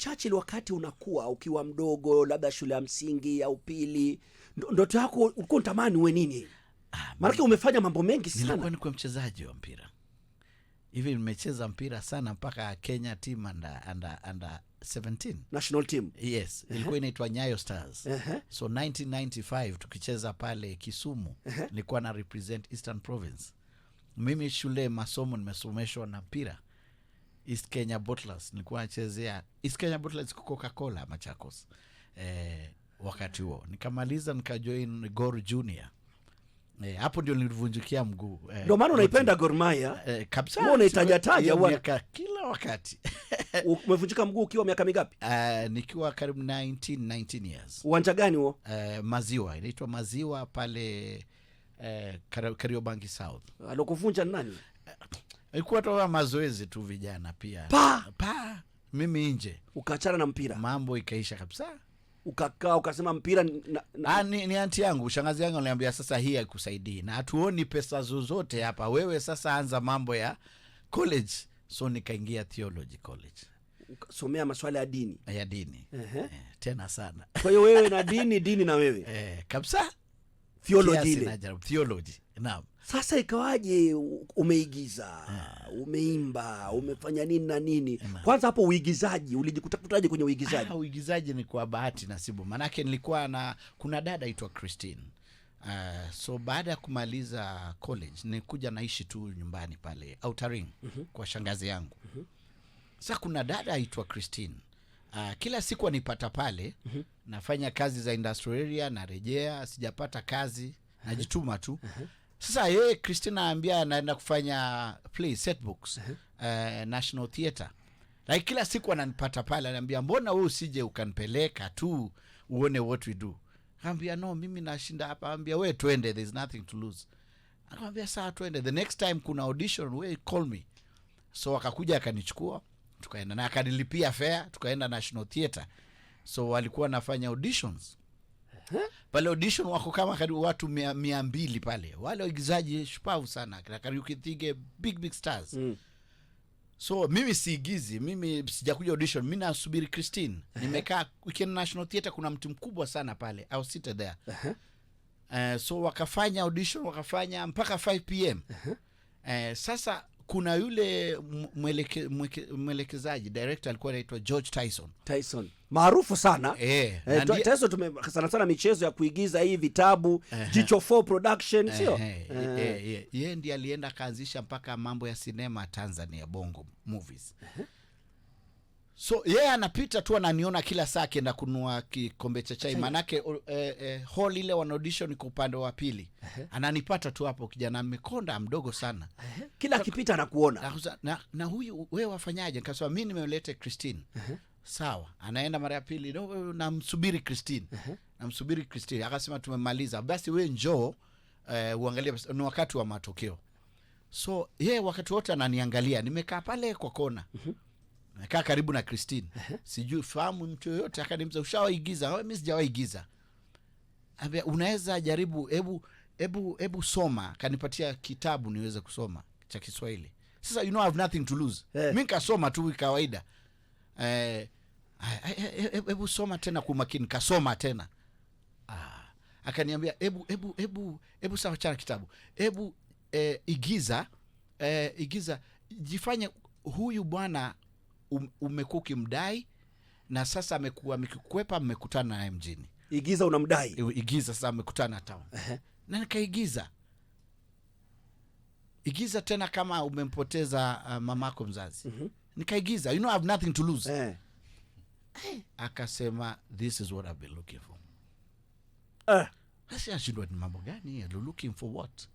Churchill, wakati unakuwa ukiwa mdogo, labda shule ya msingi au pili, ndoto yako ulikuwa unatamani uwe nini? Ah, maanake umefanya mambo mengi sana. Nilikuwa nikuwa mchezaji wa mpira hivi, nimecheza mpira sana mpaka Kenya team under, under, under 17 national team yes, uh -huh. inaitwa Nyayo Stars uh -huh. so 1995 tukicheza pale Kisumu uh -huh. nilikuwa na represent Eastern Province. Mimi shule masomo nimesomeshwa na mpira East Kenya Bottlers, nilikuwa nachezea East Kenya Bottlers Coca-Cola Machakos eh, wakati huo nikamaliza nikajoin Gor Junior. E, hapo ndio nilivunjikia mguu e, ndio maana unaipenda Gor Mahia e, kabisa. Wewe unaitaja taja miaka kila wakati umevunjika mguu ukiwa miaka mingapi? Uh, nikiwa karibu 19 19 years. Uwanja gani huo? Uh, Maziwa, inaitwa Maziwa pale uh, Kariobangi South. Alokuvunja nani? Ilikuwa toa mazoezi tu vijana pia. Pa! Pa! Mimi nje. Ukaachana na mpira. Mambo ikaisha kabisa. Ukakaa ukasema mpira na, na... Ha, ah, ni, ni anti yangu shangazi yangu aliambia sasa hii haikusaidii na hatuoni pesa zozote hapa. Wewe sasa anza mambo ya college. So nikaingia theology college. Somea maswala ya dini. Ah, ya dini. Uh-huh. e, tena sana. Kwa hiyo wewe na dini, dini na wewe. e, kabisa. Theology ile. Theology. Naam. Sasa ikawaje, umeigiza umeimba umefanya nini na nini? Kwanza hapo uigizaji ulijikutaje kwenye uigizaji? Ah, uigizaji ni kwa bahati nasibu, maanake nilikuwa na kuna dada aitwa Christine. Uh, so baada ya kumaliza college nilikuja naishi tu nyumbani pale Outering mm -hmm. kwa shangazi yangu mm -hmm. Sasa kuna dada aitwa Christine Uh, kila siku anipata pale mm -hmm. Nafanya kazi za industrial area, narejea, sijapata kazi, najituma tu mm -hmm. Sasa ye kristina ambia anaenda kufanya play setbooks uh eh, -huh. uh, National Theatre like kila siku ananipata pale, anaambia mbona wewe usije ukanipeleka tu uone what we do. Akaambia no, mimi nashinda hapa. Akaambia wewe twende, there nothing to lose. Akamwambia saa twende, the next time kuna audition we call me. So akakuja akanichukua, tukaenda na akanilipia fare, tukaenda National Theatre. So walikuwa nafanya auditions pale audition wako kama karibu watu mia, mbili pale, wale waigizaji shupavu sana na Kariuki big big stars mm. So mimi siigizi, mimi sijakuja audition, mi nasubiri Christine uh -huh. Nimekaa Weekend National Theatre, kuna mti mkubwa sana pale au sita there uh -huh. Uh, so wakafanya audition wakafanya mpaka 5 pm uh -huh. Uh, sasa kuna yule mweleke, mwelekezaji director alikuwa anaitwa George Tyson Tyson maarufu sana e, e, to, Tyson tume sana sana michezo ya kuigiza hii vitabu uh -huh. Jicho Production sio uh -huh. Eh. Yeye ndiye alienda akaanzisha mpaka mambo ya sinema Tanzania Bongo Movies uh -huh. So yeye yeah, anapita tu ananiona kila saa akienda kunua kikombe cha chai, maanake eh, uh, eh, uh, hol ile wana kwa upande wa pili. uh -huh. Ananipata tu hapo, kijana amekonda mdogo sana. uh -huh. Kila akipita anakuona na, na, na huyu wewe wafanyaje? kasema mi nimeleta Christine. uh -huh. Sawa, anaenda mara ya pili, no, uh, namsubiri Christine. uh -huh. Namsubiri Christine akasema tumemaliza, basi we njoo eh, uangalie, ni wakati wa matokeo. So ye yeah, wakati wote ananiangalia, nimekaa pale kwa kona. uh -huh. Nakaa karibu na Christine. Sijui fahamu mtu yoyote akanimza ushawaigiza? mi sijawaigiza. unaweza jaribu, hebu hebu hebu soma. Kanipatia kitabu niweze kusoma cha Kiswahili. Sasa you know I have nothing to lose. Yeah. mi nkasoma tu kawaida. Eh, hebu soma tena kwa umakini kasoma tena. Ah, akaniambia hebu hebu hebu hebu sawa, chana kitabu. Hebu eh, igiza eh, igiza jifanye huyu bwana um, umekuwa ukimdai na sasa amekuwa amekikwepa, mmekutana naye mjini. Igiza unamdai Igiza, sasa amekutana town na nikaigiza igiza tena, kama umempoteza uh, mamako mzazi mm -hmm. Nikaigiza, you know I have nothing to lose eh. eh. Akasema this is what I've been looking for eh. Ashindwa ni mambo gani? looking for what?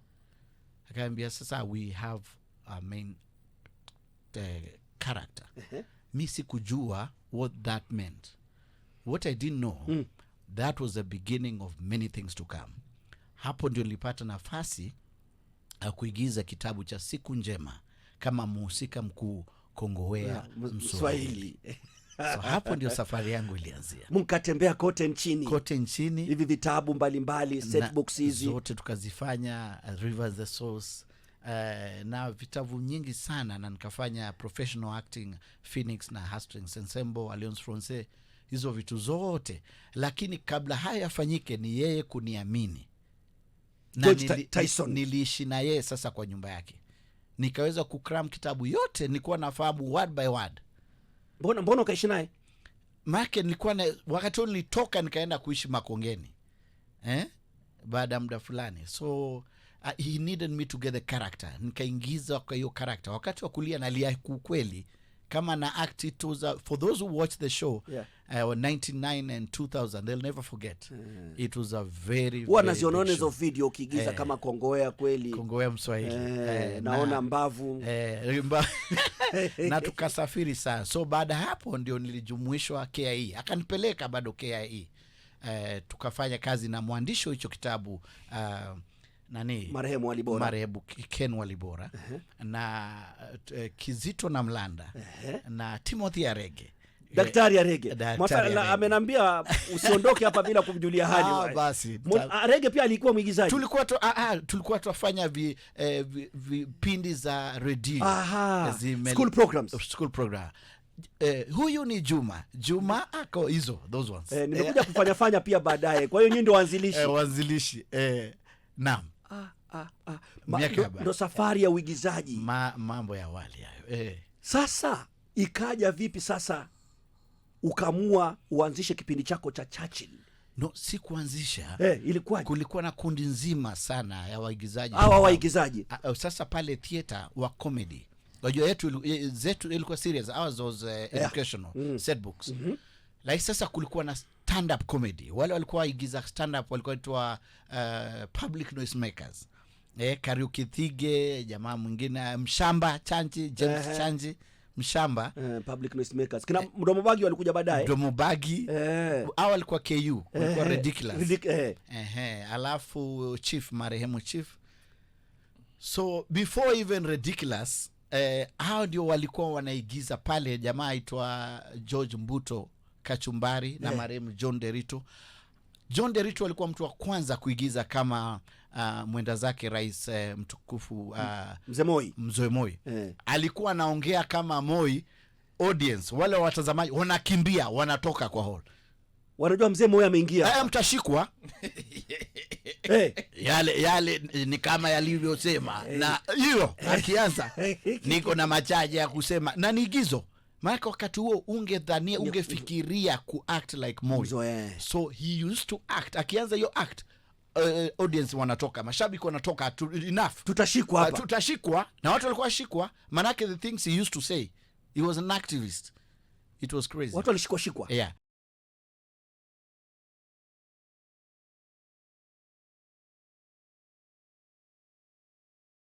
Akaambia sasa we have a main eh, character uh -huh. mi sikujua what that meant what I didn't know mm. that was the beginning of many things to come. Hapo ndio nilipata nafasi ya kuigiza kitabu cha Siku Njema kama mhusika mkuu Kongowea Mswahili. So, hapo ndio safari yangu ilianzia. Mkatembea kote nchini, kote nchini, hivi vitabu mbalimbali, set books hizi zote tukazifanya, Rivers the Source uh, na vitabu nyingi sana, na nikafanya professional acting Phoenix na Hastings Ensemble, Alliance francais hizo vitu zote, lakini kabla haya yafanyike ni yeye kuniamini na nili, niliishi na yeye sasa kwa nyumba yake nikaweza kukram kitabu yote, nilikuwa nafahamu word by word. Mbona mbona ukaishi naye? Maake nilikuwa na wakati huo nilitoka nikaenda kuishi Makongeni eh, baada ya muda fulani so uh, he needed me to get the character, nikaingiza kwa hiyo character. Wakati wa kulia nalia kukweli kama na act it was, za, for those who watch the show yeah. Uh, eh, 99 and 2000 they'll never forget mm. It was a very huwa nazionaona hizo video ukiigiza eh, kama kongoea kweli kongoea Mswahili eh, eh, naona mbavu eh, mba na tukasafiri sana, so baada hapo ndio nilijumuishwa KIE, akanipeleka bado KIE eh, tukafanya kazi na mwandishi wa hicho kitabu uh, nani marehemu Walibora, marehemu Ken Walibora uh -huh. na uh, Kizito na Mlanda uh -huh. na Timothy Arege Daktari Arege eh, amenambia usiondoke hapa bila kumjulia hali. Ah, basi Arege pia alikuwa mwigizaji, tulikuwa tu, ah, ah, tulikuwa twafanya vipindi eh, vi, vi za redio school programs, oh, school program Eh, huyu ni Juma Juma ako hizo those ones eh, nimekuja eh. kufanyafanya pia baadaye. Kwa hiyo nyinyi ndio wanzilishi eh, wanzilishi eh, naam ah, ah, ah. Ma, safari ya uigizaji ma, mambo ya wali hayo eh. Sasa ikaja vipi sasa ukamua uanzishe kipindi chako cha Churchill? No, si kuanzisha eh, ilikuwa kulikuwa na kundi nzima sana ya waigizaji hawa waigizaji ah, eh, sasa pale theater wa comedy wajua yetu eh, zetu ilikuwa serious ours was uh, educational yeah. mm. set books mm -hmm. Like sasa kulikuwa na standup comedy. Wale walikuwa waigiza standup up walikuwa itwa uh, public noise makers eh, Kariuki Thige, jamaa mwingine Mshamba Chanji, James uh-huh. Chanji Mshamba uh, public noise makers kina eh, mdomo bagi walikuja baadaye. Mdomo bagi eh, au alikuwa KU walikuwa uh-huh. ridiculous ridic uh-huh. eh. Eh, alafu chief marehemu chief. So before even ridiculous eh, uh, ndio walikuwa wanaigiza pale. Jamaa aitwa George Mbuto kachumbari yeah, na eh. marehemu John Derito. John Derito alikuwa mtu wa kwanza kuigiza kama uh, mwenda zake rais uh, mtukufu uh, Mzee Moi, Mzee Moi. Yeah. Alikuwa anaongea kama Moi, audience wale watazamaji wanakimbia wanatoka kwa hall wanajua mzee Moi ameingia eh, mtashikwa hey. Yale yale ni kama yalivyosema hey. Na hiyo akianza niko na machaja ya kusema na niigizo Maanake wakati huo ungedhania, ungefikiria kuact like Moi, so he used to act. Akianza hiyo act Uh, audience wanatoka, mashabiki wanatoka, tu, enough, tutashikwa uh, tutashikwa na watu walikuwa shikwa, manake the things he used to say he was an activist, it was crazy, watu walishikwa shikwa, yeah.